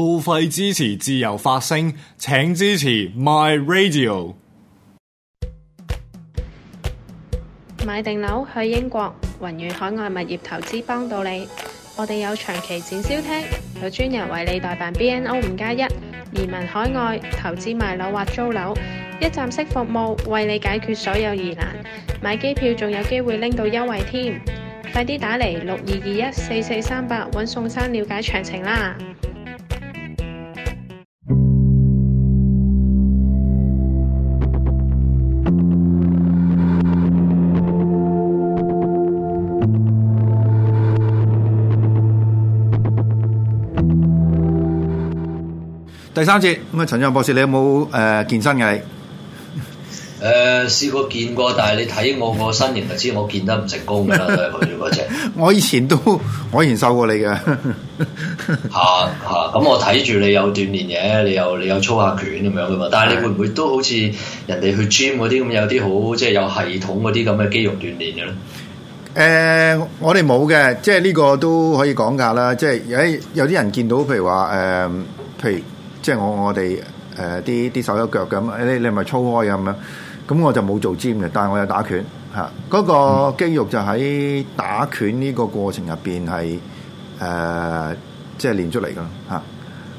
付費支持自由發聲，請支持 My Radio。買定樓去英國，宏遠海外物業投資幫到你。我哋有長期展銷廳，有專人為你代辦 B N O 五加一移民、海外投資、賣樓或租樓、一站式服務，為你解決所有疑難。買機票仲有機會拎到優惠添，快啲打嚟六二二一四四三八，搵宋生了解詳情啦。第三次咁啊，陳志宏博士，你有冇誒、呃、健身嘅？誒、呃、試過見過，但係你睇我個身形就知我健得唔成功啦。嗰隻，我以前都我以前瘦過你嘅，嚇 嚇、啊。咁、啊、我睇住你有鍛鍊嘅，你有你有，你有操下拳咁樣噶嘛。但係你會唔會都好似人哋去 gym 嗰啲咁有啲好即係、就是、有系統嗰啲咁嘅肌肉鍛鍊嘅咧？誒、呃，我哋冇嘅，即係呢個都可以講噶啦。即係誒，有啲人見到，譬如話誒、呃，譬如。.即係我我哋誒啲啲手腳咁，你你咪粗開啊咁樣，咁我就冇做 gym 嘅，但係我有打拳嚇，嗰個肌肉就喺打拳呢個過程入邊係誒即係練出嚟噶啦嚇。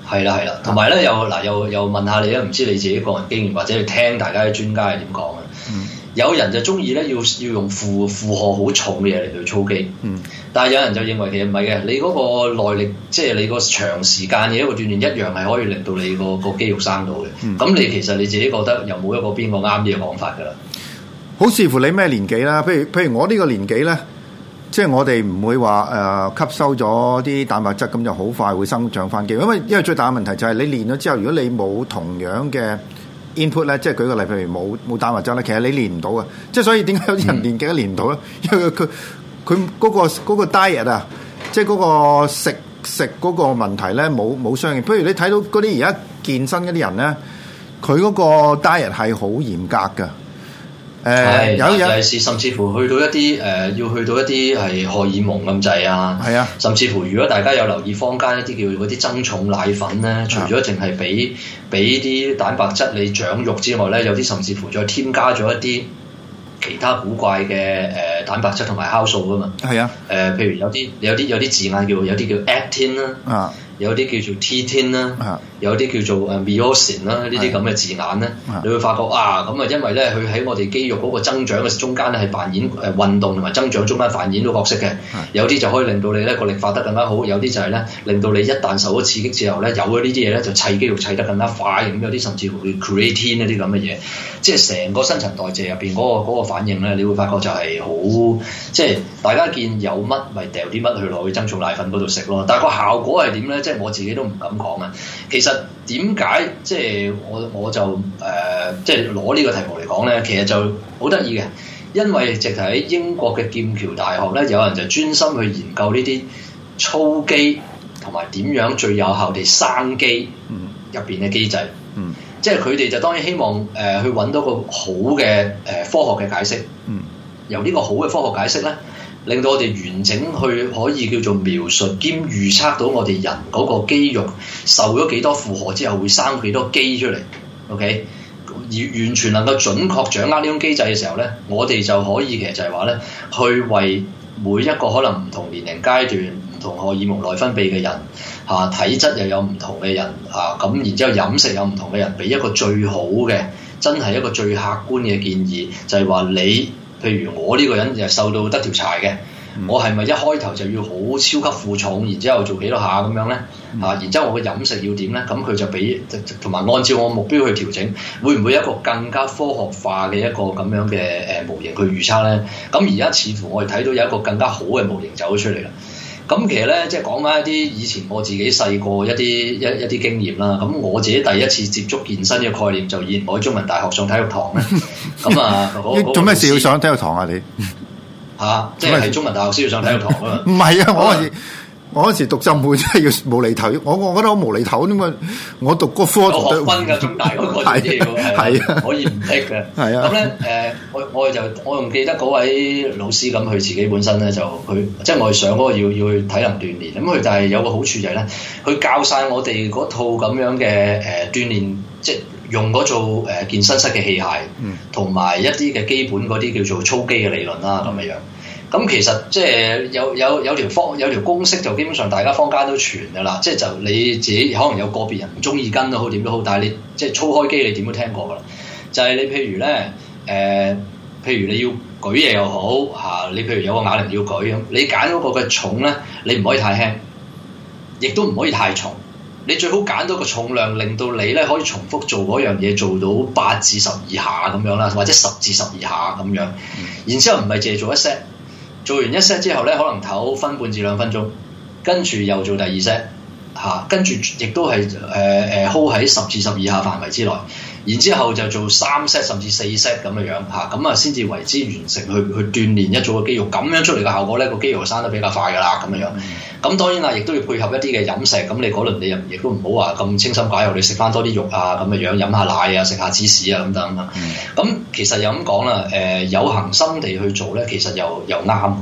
係啦係啦，同埋咧又嗱又又問下你啊，唔知你自己個人經驗，或者你聽大家啲專家係點講嘅？嗯有人就中意咧，要要用負負荷好重嘅嘢嚟到操肌，嗯、但係有人就認為其實唔係嘅，你嗰個耐力，即係你個長時間嘅一個鍛煉，一樣係可以令到你、嗰個、嗯、你個肌肉生到嘅。咁、嗯、你其實你自己覺得又冇一個邊個啱啲嘅講法噶啦？好視乎你咩年紀啦，譬如譬如我呢個年紀咧，即係我哋唔會話誒、呃、吸收咗啲蛋白質，咁就好快就會生長翻肌，因為因為最大嘅問題就係你練咗之後，如果你冇同樣嘅。input 咧，In put，即係舉個例，譬如冇冇蛋白質咧，其實你練唔到嘅，即係所以點解有啲人練幾多練唔到咧？嗯、因為佢佢嗰個 diet 啊，即係嗰個食食嗰個問題咧，冇冇相應。譬如你睇到嗰啲而家健身嗰啲人咧，佢嗰個 diet 係好嚴格嘅。誒、欸、是有有甚至乎去到一啲誒、呃、要去到一啲係荷爾蒙咁滯啊！係啊！甚至乎如果大家有留意坊間一啲叫嗰啲增重奶粉咧，除咗淨係俾俾啲蛋白質你長肉之外咧，有啲甚至乎再添加咗一啲其他古怪嘅誒蛋白質同埋酵素啊嘛！係啊！誒、呃，譬如有啲有啲有啲字眼叫有啲叫 Actin 啦啊！啊有啲叫做 titin 啦，有啲叫做誒 myosin 啦，呢啲咁嘅字眼咧，你會發覺啊，咁啊，因為咧，佢喺我哋肌肉嗰個增長嘅中間咧，係扮演誒運、呃、動同埋增長中間扮演到角色嘅。有啲就可以令到你咧個力發得更加好，有啲就係咧令到你一旦受咗刺激之後咧，有咗呢啲嘢咧就砌肌肉砌得更加快。咁有啲甚至乎會 creatine 嗰啲咁嘅嘢，即係成個新陳代謝入邊嗰個嗰、嗰個反應咧，你會發覺就係好即係大家見有乜咪掉啲乜去落去增重奶粉嗰度食咯。但係個效果係點咧？即係我自己都唔敢講啊！其實點解即係我我就誒，即係攞呢個題目嚟講咧，其實就好得意嘅，因為直頭喺英國嘅劍橋大學咧,有人就專心去研究呢啲操肌同埋點樣最有效地生肌入邊嘅機制。嗯，即係佢哋就當然希望誒、呃、去揾到個好嘅誒、呃、科學嘅解釋。嗯，由呢個好嘅科學解釋咧。令到我哋完整去可以叫做描述兼預測到我哋人嗰個肌肉受咗幾多負荷之後會生幾多肌出嚟，OK？而完全能夠準確掌握呢種機制嘅時候咧，我哋就可以其實就係話咧，去為每一個可能唔同年齡階段、唔同荷爾蒙內分泌嘅人，吓體質又有唔同嘅人吓，咁，然之後飲食有唔同嘅人，俾一個最好嘅，真係一個最客觀嘅建議，就係話你。譬如我呢個人就瘦到得條柴嘅，我係咪一開頭就要好超級負重，然之後做幾多下咁樣呢？啊，然之後我嘅飲食要點呢？咁佢就俾同埋按照我目標去調整，會唔會一個更加科學化嘅一個咁樣嘅模型去預測呢？咁而家似乎我哋睇到有一個更加好嘅模型走出嚟啦。咁其實咧，即係講翻一啲以前我自己細個一啲一一啲經驗啦。咁我自己第一次接觸健身嘅概念，就以我喺中文大學上體育堂嘅。咁 啊，做咩事要上體育堂啊？你嚇、啊，即係喺中文大學先要上體育堂 啊？唔係啊，我係。我嗰時讀浸會真係要無厘頭，我我覺得好無厘頭啲嘛。我讀個科，學分噶，中大嗰個專業係啊，可以唔識嘅。係啊，咁咧，誒，我我就我仲記得嗰位老師咁，佢自己本身咧就佢，即係我哋上嗰個要要去體能鍛煉。咁佢就係有個好處就係咧，佢教晒我哋嗰套咁樣嘅誒鍛煉，即係用嗰套誒健身室嘅器械，同埋、嗯、一啲嘅基本嗰啲叫做操肌嘅理論啦咁嘅樣。咁其實即係有有有條方有條公式就基本上大家坊間都傳㗎啦，即、就、係、是、就你自己可能有個別人唔中意跟都好，點都好，但係你即係操開機你點都聽過㗎啦。就係、是、你譬如咧誒、呃，譬如你要舉嘢又好嚇、啊，你譬如有個啞鈴要舉咁，你揀嗰個嘅重咧，你唔可以太輕，亦都唔可以太重。你最好揀到個重量，令到你咧可以重複做嗰樣嘢做到八至十二下咁樣啦，或者十至十二下咁樣。然之後唔係借做一 set。做完一 set 之後咧，可能唞分半至兩分鐘，跟住又做第二 set，吓，跟、啊呃呃、住亦都係誒誒 hold 喺十至十二下範圍之內。然之後就做三 set 甚至四 set 咁嘅樣嚇，咁啊先至為之完成，去去鍛鍊一組嘅肌肉，咁樣出嚟嘅效果咧，個肌肉生得比較快噶啦，咁樣。咁當然啦，亦都要配合一啲嘅飲食。咁你嗰輪你又亦都唔好話咁清心寡慾，你食翻多啲肉啊，咁嘅樣飲下奶啊，食下芝士啊，咁等等。咁其實又咁講啦，誒、呃、有恒心地去做咧，其實又又啱嘅，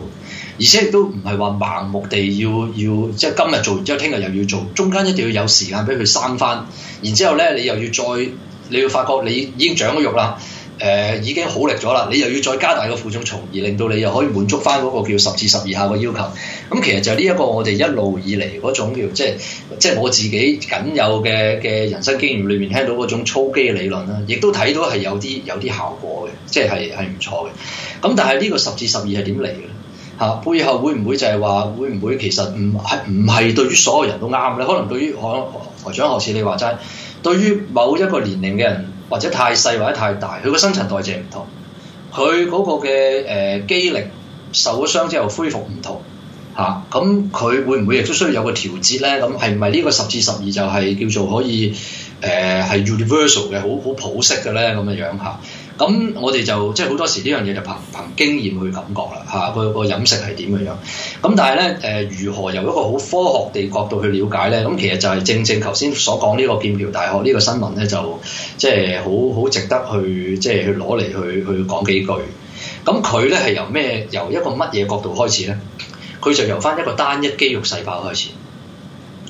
而且亦都唔係話盲目地要要，即係今日做完之後，聽日又要做，中間一定要有時間俾佢生翻。然之後咧，你又要再。你要發覺你已經長咗肉啦，誒、呃、已經好力咗啦，你又要再加大個負重，從而令到你又可以滿足翻嗰個叫十至十二下嘅要求。咁、嗯、其實就係呢一個我哋一路以嚟嗰種叫即係即係我自己僅有嘅嘅人生經驗裏面聽到嗰種操肌嘅理論啦，亦都睇到係有啲有啲效果嘅，即係係係唔錯嘅。咁、嗯、但係呢個十至十二係點嚟嘅咧？嚇、啊、背後會唔會就係話會唔會其實唔係唔係對於所有人都啱咧？可能對於我台長學士你話齋。對於某一個年齡嘅人，或者太細或者太大，佢個新陳代謝唔同，佢嗰個嘅誒、呃、肌力受咗傷之後恢復唔同，嚇咁佢會唔會亦都需要有個調節咧？咁係唔係呢個十至十二就係叫做可以誒係、呃、universal 嘅好好普適嘅咧？咁嘅樣嚇。咁我哋就即係好多時呢樣嘢就憑憑經驗去感覺啦，吓、啊、個、那個飲食係點嘅樣樣。咁但係咧，誒、呃、如何由一個好科學嘅角度去了解咧？咁其實就係正正頭先所講呢個劍橋大學呢個新聞咧，就即係好好值得去即係去攞嚟去去講幾句。咁佢咧係由咩由一個乜嘢角度開始咧？佢就由返一個單一肌肉細胞開始。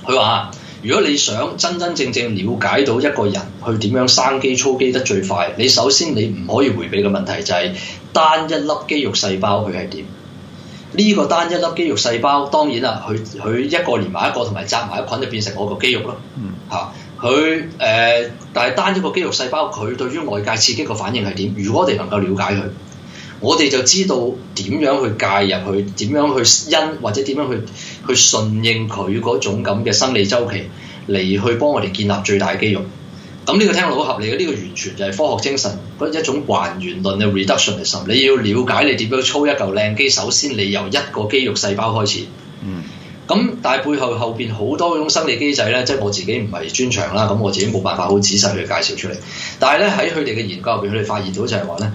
佢話。如果你想真真正正了解到一個人去點樣生肌操肌得最快，你首先你唔可以回避嘅問題就係、是、單一粒肌肉細胞佢係點。呢、這個單一粒肌肉細胞當然啦，佢佢一個連埋一個同埋集埋一羣就變成我個肌肉咯。嗯，嚇佢誒，但係單一個肌肉細胞佢對於外界刺激個反應係點，如果我哋能夠了解佢。我哋就知道點樣去介入去點樣去因或者點樣去去順應佢嗰種咁嘅生理周期嚟去幫我哋建立最大嘅肌肉。咁呢個聽落好合理嘅，呢、這個完全就係科學精神嗰一種還原論嘅 reductionism。你要了解你點樣操一嚿靚肌，首先你由一個肌肉細胞開始。嗯。咁但係背後後邊好多種生理機制咧，即係我自己唔係專長啦。咁我自己冇辦法好仔細去介紹出嚟。但係咧喺佢哋嘅研究入邊，佢哋發現到就係話咧。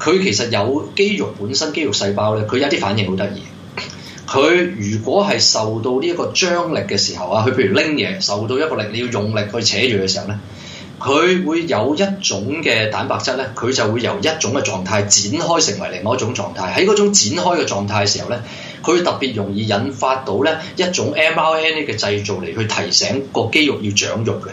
佢其實有肌肉本身肌肉細胞咧，佢有啲反應好得意。佢如果係受到呢一個張力嘅時候啊，佢譬如拎嘢受到一個力，你要用力去扯住嘅時候咧，佢會有一種嘅蛋白質咧，佢就會由一種嘅狀態展開成為另外一種狀態。喺嗰種展開嘅狀態嘅時候咧，佢特別容易引發到咧一種 mRNA 嘅製造嚟去提醒個肌肉要長肉嘅，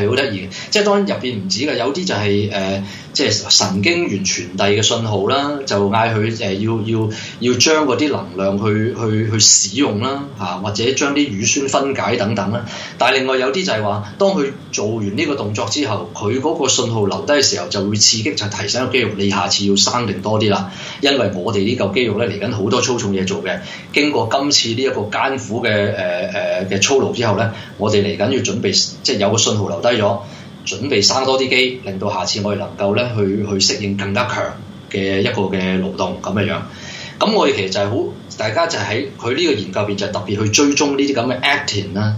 係好得意嘅。即係當然入邊唔止㗎，有啲就係、是、誒。呃即係神經元傳遞嘅信號啦，就嗌佢誒要要要將嗰啲能量去去去使用啦，嚇、啊、或者將啲乳酸分解等等啦。但係另外有啲就係話，當佢做完呢個動作之後，佢嗰個信號留低嘅時候，就會刺激就提醒個肌肉你下次要生定多啲啦。因為我哋呢嚿肌肉咧嚟緊好多粗重嘢做嘅，經過今次呢一個艱苦嘅誒誒嘅操勞之後咧，我哋嚟緊要準備即係有個信號留低咗。準備生多啲機，令到下次我哋能夠咧去去適應更加強嘅一個嘅勞動咁嘅樣。咁我哋其實就係好，大家就喺佢呢個研究入邊就特別去追蹤呢啲咁嘅 actin 啦、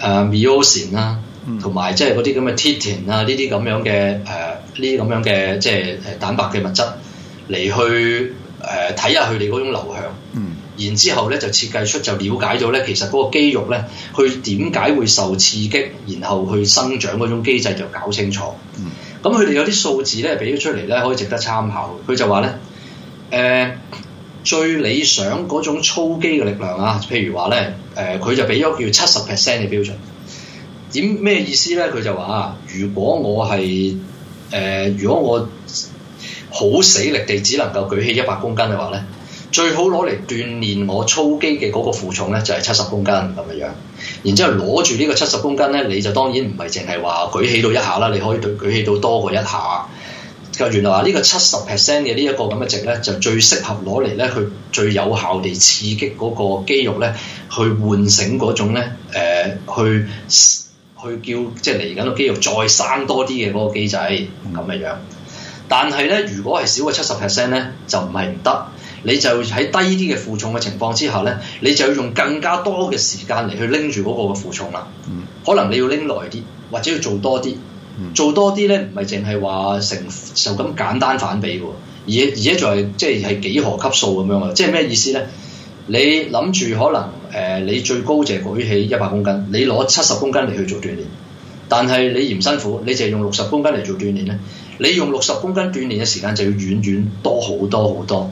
啊、誒 myosin 啦，同埋即係嗰啲咁嘅 titin 啦，呢啲咁樣嘅誒呢啲咁樣嘅即係誒蛋白嘅物質嚟去誒睇下佢哋嗰種流向。然之後咧，就設計出就了解到咧，其實嗰個肌肉咧，佢點解會受刺激，然後去生長嗰種機制就搞清楚。咁佢哋有啲數字咧，俾咗出嚟咧，可以值得參考。佢就話咧，誒、呃、最理想嗰種操肌嘅力量啊，譬如話咧，誒、呃、佢就俾咗叫七十 percent 嘅標準。點咩意思咧？佢就話啊，如果我係誒、呃，如果我好死力地只能夠舉起一百公斤嘅話咧。最好攞嚟鍛鍊我操肌嘅嗰個負重呢，就係七十公斤咁嘅樣。然之後攞住呢個七十公斤呢，你就當然唔係淨係話舉起到一下啦，你可以舉起到多過一下。咁原嚟話呢個七十 percent 嘅呢一個咁嘅值呢，就最適合攞嚟呢去最有效地刺激嗰個肌肉呢，去喚醒嗰種呢、呃，去去叫即係嚟緊個肌肉再生多啲嘅嗰個機制咁嘅樣。但係呢，如果係少過七十 percent 呢，就唔係唔得。你就喺低啲嘅負重嘅情況之下呢，你就要用更加多嘅時間嚟去拎住嗰個嘅負重啦。嗯、可能你要拎耐啲，或者要做多啲。嗯、做多啲呢，唔係淨係話成就咁簡單反比喎，而而且仲係即係係幾何級數咁樣啊！即係咩意思呢？你諗住可能誒、呃、你最高就舉起一百公斤，你攞七十公斤嚟去做鍛煉，但係你嫌辛苦，你就用六十公斤嚟做鍛煉呢，你用六十公斤鍛煉嘅時間就要遠遠多好多好多。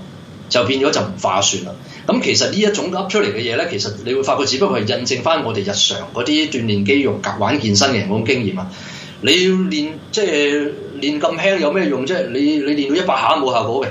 就變咗就唔划算啦。咁其實呢一種噏出嚟嘅嘢咧，其實你會發覺，只不過係印證翻我哋日常嗰啲鍛煉肌肉、夾玩健身嘅人咁經驗啊。你要練即係練咁輕，就是、有咩用啫？你你練到一百下冇效果嘅。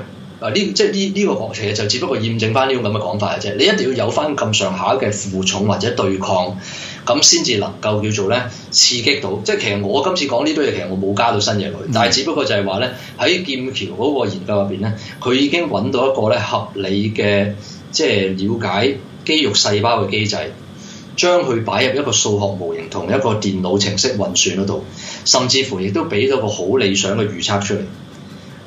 呢、這個、即係呢呢個其實、這個、就只不過驗證翻呢種咁嘅講法嘅啫。你一定要有翻咁上下嘅負重或者對抗，咁先至能夠叫做咧刺激到。即係其實我今次講呢堆嘢，其實我冇加到新嘢落去。但係只不過就係話咧，喺劍橋嗰個研究入邊咧，佢已經揾到一個咧合理嘅，即係了解肌肉細胞嘅機制，將佢擺入一個數學模型同一個電腦程式運算嗰度，甚至乎亦都俾咗個好理想嘅預測出嚟。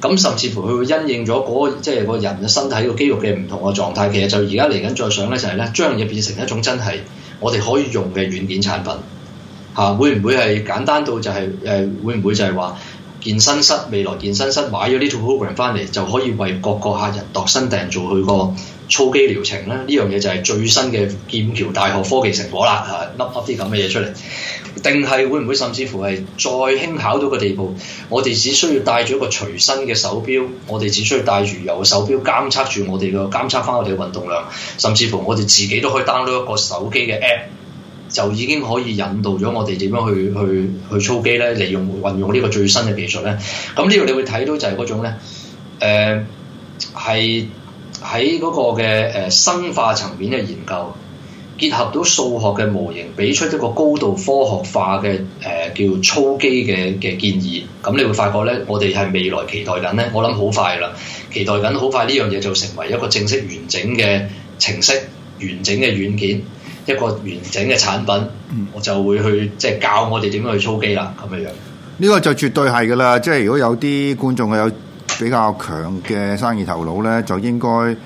咁甚至乎佢會因應咗嗰即係個人嘅身體、個肌肉嘅唔同嘅狀態，其實就而家嚟緊再想咧，就係咧將嘢變成一種真係我哋可以用嘅軟件產品嚇、啊，會唔會係簡單到就係、是、誒會唔會就係話健身室未來健身室買咗呢套 program 翻嚟就可以為各個客人度身訂做佢個操機療程咧，呢樣嘢就係最新嘅劍橋大學科技成果啦，嚇，凹凹啲咁嘅嘢出嚟，定係會唔會甚至乎係再輕巧到個地步？我哋只需要帶住一個隨身嘅手錶，我哋只需要帶住有手錶監測住我哋嘅監測返我哋嘅運動量，甚至乎我哋自己都可以 download 一個手機嘅 app，就已經可以引導咗我哋點樣去去去操機咧，嚟用運用呢個最新嘅技術咧。咁呢度你會睇到就係嗰種咧，誒、呃、係。喺嗰個嘅誒生化層面嘅研究，結合到數學嘅模型，俾出一個高度科學化嘅誒、呃、叫操機嘅嘅建議。咁你會發覺咧，我哋係未來期待緊咧。我諗好快啦，期待緊好快呢樣嘢就成為一個正式完整嘅程式、完整嘅軟件、一個完整嘅產品。嗯、我就會去即係、就是、教我哋點樣去操機啦。咁嘅樣，呢個就絕對係㗎啦。即係如果有啲觀眾有。比較強嘅生意頭腦咧，就應該係、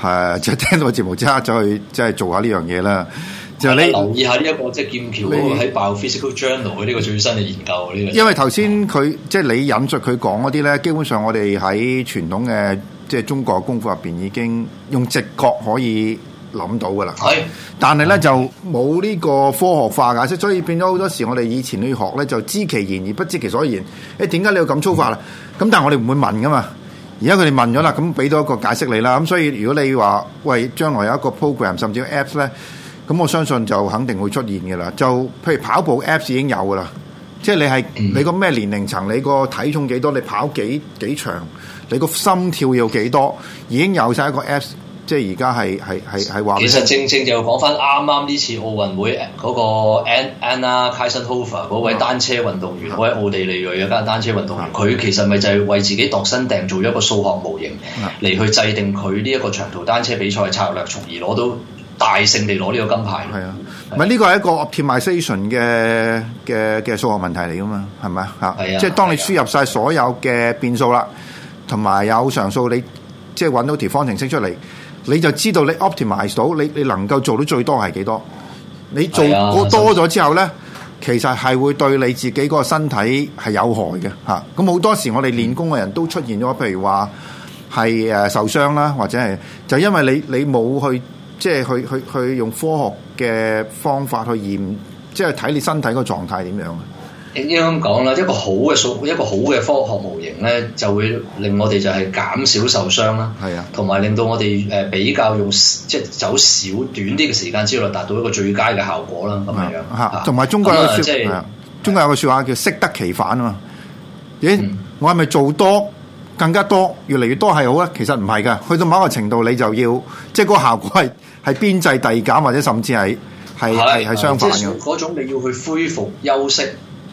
啊、就聽到節目即刻走去即係做下呢樣嘢啦。就、就是、就你留意下呢、這、一個即、就是、劍橋嗰、那個喺《Biophysical Journal》嘅呢個最新嘅研究、這個。呢個因為頭先佢即係你引述佢講嗰啲咧，基本上我哋喺傳統嘅即係中國功夫入邊已經用直覺可以諗到㗎啦，是但係咧，就冇呢個科學化解釋，所以變咗好多時我哋以前去學咧，就知其然而不知其所以然。誒點解你要咁粗化啦？咁但係我哋唔會問㗎嘛。而家佢哋問咗啦，咁俾到一個解釋你啦。咁所以如果你話喂，將來有一個 program 甚至 Apps 咧，咁我相信就肯定會出現㗎啦。就譬如跑步 Apps 已經有㗎啦，即係你係你個咩年齡層，你個體重幾多，你跑幾幾長，你個心跳要幾多，已經有晒一個 Apps。即係而家係係係係話，其實正正就講翻啱啱呢次奧運會嗰個 An Anna Kiesenhofer 嗰位單車運動員，嗰位奧地利裔嘅間單車運動員，佢其實咪就係為自己度身訂做咗一個數學模型嚟去制定佢呢一個長途單車比賽策略，從而攞到大勝地攞呢個金牌。係啊，唔係呢個係一個 optimization 嘅嘅嘅數學問題嚟㗎嘛，係咪啊？係啊，即係當你輸入晒所有嘅變數啦，同埋有常數，你即係揾到條方程式出嚟。你就知道你 optimize 到，你你能夠做到最多係幾多？你做過多咗之後呢，其實係會對你自己嗰個身體係有害嘅吓。咁好多時我哋練功嘅人都出現咗，譬如話，係誒受傷啦，或者係就因為你你冇去即係去去去用科學嘅方法去驗，即係睇你身體個狀態點樣。啊？應該咁講啦，一個好嘅數，一個好嘅科學模型咧，就會令我哋就係減少受傷啦。係啊，同埋令到我哋誒比較用，即係走少短啲嘅時間之內，達到一個最佳嘅效果啦。咁樣吓，同埋中國嘅即係，中國有個說話、啊就是、叫適得其反啊嘛。咦，嗯、我係咪做多更加多，越嚟越多係好咧？其實唔係噶，去到某一個程度，你就要即係嗰個效果係係邊際遞減，或者甚至係係係相反嘅、啊就是、種，你要去恢復休息。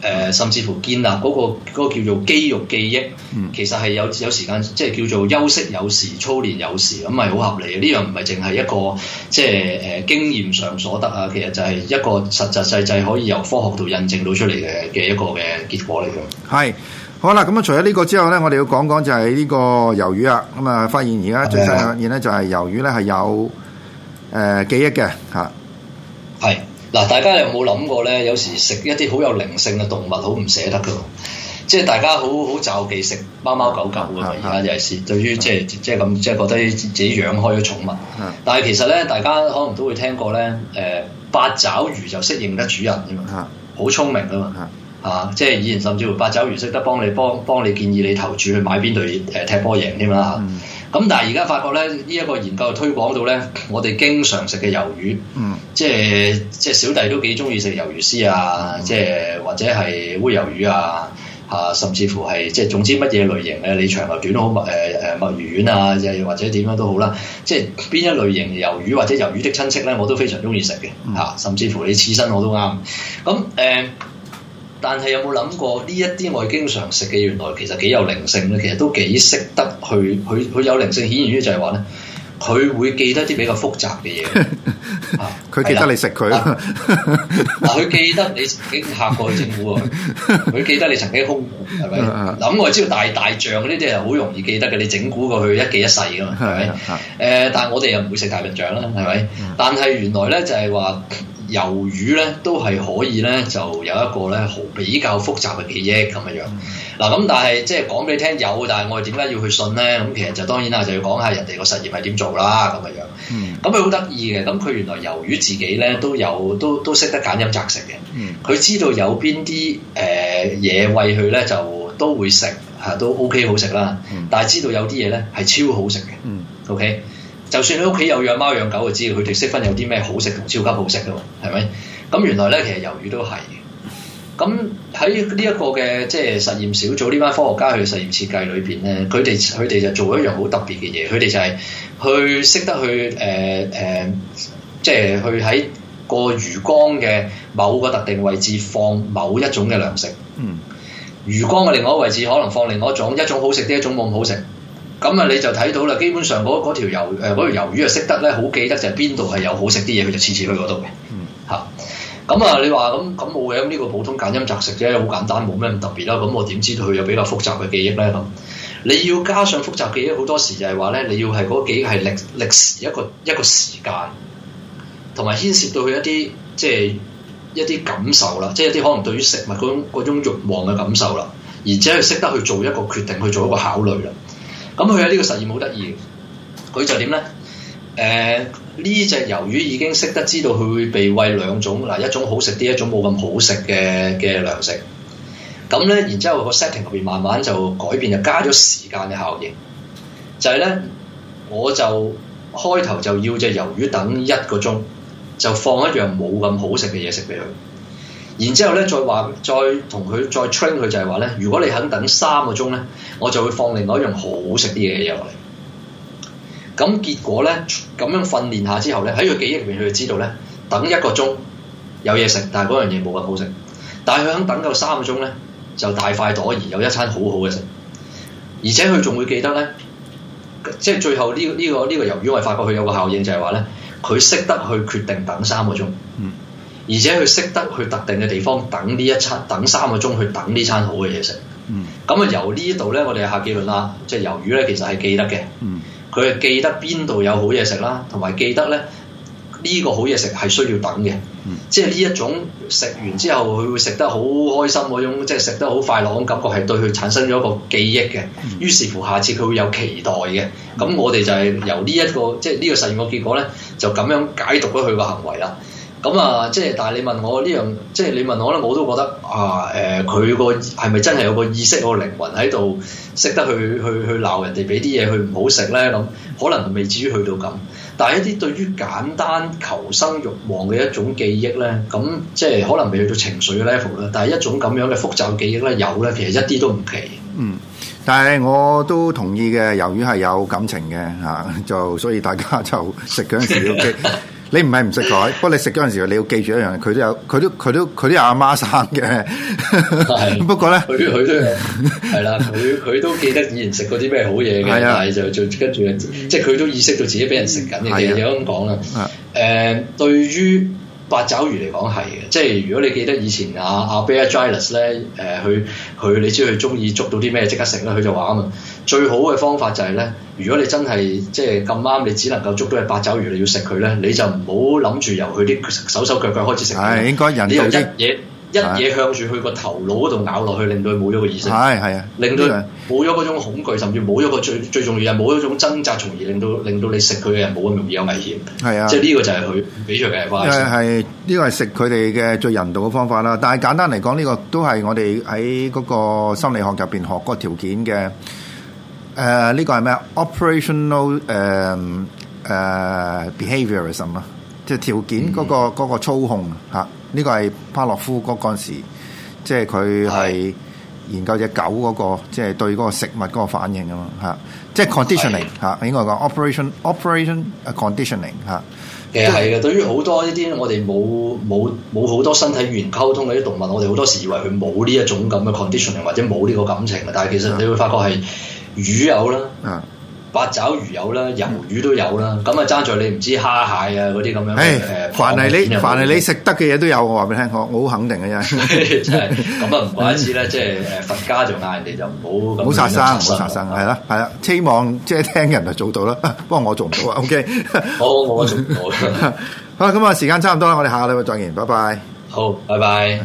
誒、呃，甚至乎建立嗰、那個那個叫做肌肉記憶，嗯、其實係有有時間即係叫做休息有時，操練有時，咁係好合理嘅。呢樣唔係淨係一個即係誒、呃、經驗上所得啊，其實就係一個實際實際可以由科學度印證到出嚟嘅嘅一個嘅結果嚟嘅。係，好啦，咁啊，除咗呢個之後咧，我哋要講講就係呢個魷魚啊。咁啊，發現而家最新嘅發現咧，就係魷魚咧係有誒、呃、記憶嘅嚇。係、啊。嗱，大家有冇諗過咧？有時食一啲好有靈性嘅動物，好唔捨得㗎喎。即係大家好好就忌食貓貓狗狗啊！而家又係是對於是的即係即係咁即係覺得自己養開咗寵物。的但係其實咧，大家可能都會聽過咧，誒、呃、八爪魚就適應得主人㗎的嘛，好聰明㗎嘛。啊，即係以前甚至乎八爪魚識得幫你幫幫你建議你投注去買邊隊誒踢波贏添啦。啊嗯咁但係而家發覺咧，呢、這、一個研究推廣到咧，我哋經常食嘅魷魚，嗯，即係即係小弟都幾中意食魷魚絲啊，即係或者係烏魷魚啊，嚇、啊，甚至乎係即係總之乜嘢類型咧，你長頭短都好，誒誒墨魚丸啊，又、啊啊啊啊、或者點樣都好啦，即係邊一類型魷魚或者魷魚的親戚咧，我都非常中意食嘅嚇，甚至乎你刺身我都啱。咁、啊、誒。啊但係有冇諗過呢一啲我哋經常食嘅，原來其實幾有靈性咧？其實都幾識得去，佢佢有靈性顯、就是，顯現於就係話咧，佢會記得啲比較複雜嘅嘢。 啊，佢記得你食佢，嗱 佢、啊、記、記得你曾經嚇過政府，佢記得你曾經空股，係咪、 啊？咁我知道大大象呢啲啲係好容易記得嘅，你整蠱過去，一記一世噶嘛，係咪？誒、 呃，但係我哋又唔會食大笨象啦，係咪？ 但係原來咧就係話。魷魚咧都係可以咧就有一個咧好比較複雜嘅記憶咁樣樣。嗱咁、嗯啊、但係即係講俾你聽有，但係我哋點解要去信咧？咁、嗯、其實就當然啦，就要講下人哋個實驗係點做啦咁樣樣。咁佢好得意嘅，咁佢原來魷魚自己咧都有都都識得揀飲擇食嘅。佢、嗯、知道有邊啲誒嘢餵佢咧就都會食嚇都 OK 好食啦。嗯、但係知道有啲嘢咧係超好食嘅。嗯、o、okay? k 就算你屋企有養貓養狗，就知佢哋識分有啲咩好食同超級好食咯，係咪？咁原來咧，其實魷魚都係。咁喺呢一個嘅即係實驗小組呢班科學家去實驗設計裏邊咧，佢哋佢哋就做一樣好特別嘅嘢，佢哋就係去識得去誒誒，即、呃、係、呃就係、去喺個魚缸嘅某個特定位置放某一種嘅糧食。嗯，魚缸嘅另外一個位置可能放另外一種，一種好食啲，一種冇咁好食。咁啊，你就睇到啦。基本上嗰嗰條遊誒嗰條魷魚啊，識得咧，好記得就係邊度係有好食啲嘢，佢就次次去嗰度嘅。嚇、嗯，咁啊，你話咁咁冇嘅，咁呢個普通揀飲擇食啫，好簡單，冇咩咁特別啦。咁我點知道佢有比較複雜嘅記憶咧？咁你要加上複雜記憶，好多時就係話咧，你要係嗰幾係歷歷時一個一個時間，同埋牽涉到佢一啲即係一啲感受啦，即係一啲可能對於食物嗰種，嗰種欲望嘅感受啦，而且佢識得去做一個決定，去做一個考慮啦。咁佢喺呢個實驗好得意，佢就點呢？誒、呃，呢隻魷魚已經識得知道佢會被餵兩種，嗱一種好食啲，一種冇咁好食嘅嘅糧食。咁呢，然之後個 setting 入面慢慢就改變，就加咗時間嘅效應。就係、是、呢，我就開頭就要隻魷魚等一個鐘，就放一樣冇咁好食嘅嘢食俾佢。然之後咧，再話，再同佢再 train 佢，就係話咧，如果你肯等三個鐘咧，我就會放另外一樣好食啲嘢嘅嘢嚟。咁結果咧，咁樣訓練下之後咧，喺佢記憶入面，佢就知道咧，等一個鐘有嘢食，但係嗰樣嘢冇咁好食。但係佢肯等夠三個鐘咧，就大快朵頤，有一餐好好嘅食。而且佢仲會記得咧，即係最後呢、這、呢個呢、這個魷、這個、魚，我發覺佢有個效應就，就係話咧，佢識得去決定等三個鐘。嗯。而且佢識得去特定嘅地方等呢一餐，等三個鐘去等呢餐好嘅嘢食。嗯，咁啊由呢度咧，我哋下結論啦，即係魷魚咧，其實係記得嘅。嗯，佢係記得邊度有好嘢食啦，同埋記得咧呢個好嘢食係需要等嘅。嗯，即係呢一種食完之後，佢會食得好開心嗰種，即係食得好快樂咁感覺，係對佢產生咗一個記憶嘅。嗯，於是乎，下次佢會有期待嘅。咁，嗯，我哋就係由呢一個，嗯，即係呢個實驗嘅結果咧，就咁樣解讀咗佢個行為啦。咁啊，即係、嗯、但係你問我呢樣，即係你問我咧，我都覺得啊，誒、呃，佢個係咪真係有個意識、個靈魂喺度，識得去去去鬧人哋俾啲嘢佢唔好食咧？咁可能未至於去到咁，但係一啲對於簡單求生慾望嘅一種記憶咧，咁即係可能未去到情緒嘅 level 啦。但係一種咁樣嘅複雜記憶咧，有咧，其實一啲都唔奇。嗯，但係我都同意嘅，魷魚係有感情嘅嚇、啊，就所以大家就食嗰 你唔係唔食改，不過你食嗰陣時候你要記住一樣，佢都有，佢都佢都佢都有阿媽生嘅。 的不過咧，佢 都佢都係啦，佢佢都記得以前食過啲咩好嘢嘅，的但係就就跟住，即係佢都意識到自己俾人食緊嘅嘢，有咁講啦。誒的、呃，對於八爪魚嚟講係嘅，即係如果你記得以前阿阿 Bear Grylls 咧，誒、啊，佢、啊、佢、啊啊啊、你知佢中意捉到啲咩即刻食啦，佢就話啊嘛，最好嘅方法就係咧。如果你真係即係咁啱，你只能夠捉到隻八爪魚，你要食佢咧，你就唔好諗住由佢啲手手腳腳開始食。係應該人道啲，你一嘢一嘢向住佢個頭腦嗰度咬落去，令到佢冇咗個意識。係係啊，令到冇咗嗰種恐懼，甚至冇咗個最最重要係冇咗種掙扎，從而令到令到你食佢嘅人冇咁容易有危險。係啊，即係呢個就係佢俾咗嘅方式。係，呢個係食佢哋嘅最人道嘅方法啦。但係簡單嚟講，呢個都係我哋喺嗰個心理學入邊學過條件嘅。誒呢、uh, 個係咩 operational 誒、uh, 誒、uh, behaviorism、那個、嗯啊，這個那個、啊，即係條件嗰個操控嚇。呢個係巴洛夫嗰嗰陣時，即係佢係研究隻狗嗰個，即係對嗰個食物嗰個反應啊嘛嚇。即係 conditioning 嚇，應該講 operation operation conditioning 嚇、啊。其實係嘅，對於好多呢啲我哋冇冇冇好多身體語言溝通嘅啲動物，我哋好多時以為佢冇呢一種咁嘅 conditioning 或者冇呢個感情嘅，但係其實你會發覺係。嗯魚有啦，八爪魚有啦，魷魚都有啦，咁啊爭在你唔知蝦蟹啊嗰啲咁樣。誒、哎，凡係你凡係你食得嘅嘢都有，我話俾你聽，我我好肯定嘅啫。真係，咁、 嗯、啊，唔怪得之咧，即係誒佛家就嗌人哋就唔好唔好殺生，唔好殺生，係、啊、啦，係啦，啦，啦，希望即係聽人就做到啦，不、啊、過我做唔到啊。OK， 好，我做唔到。 好，咁啊，時間差唔多啦，我哋下個禮拜再見，拜拜。好，拜拜。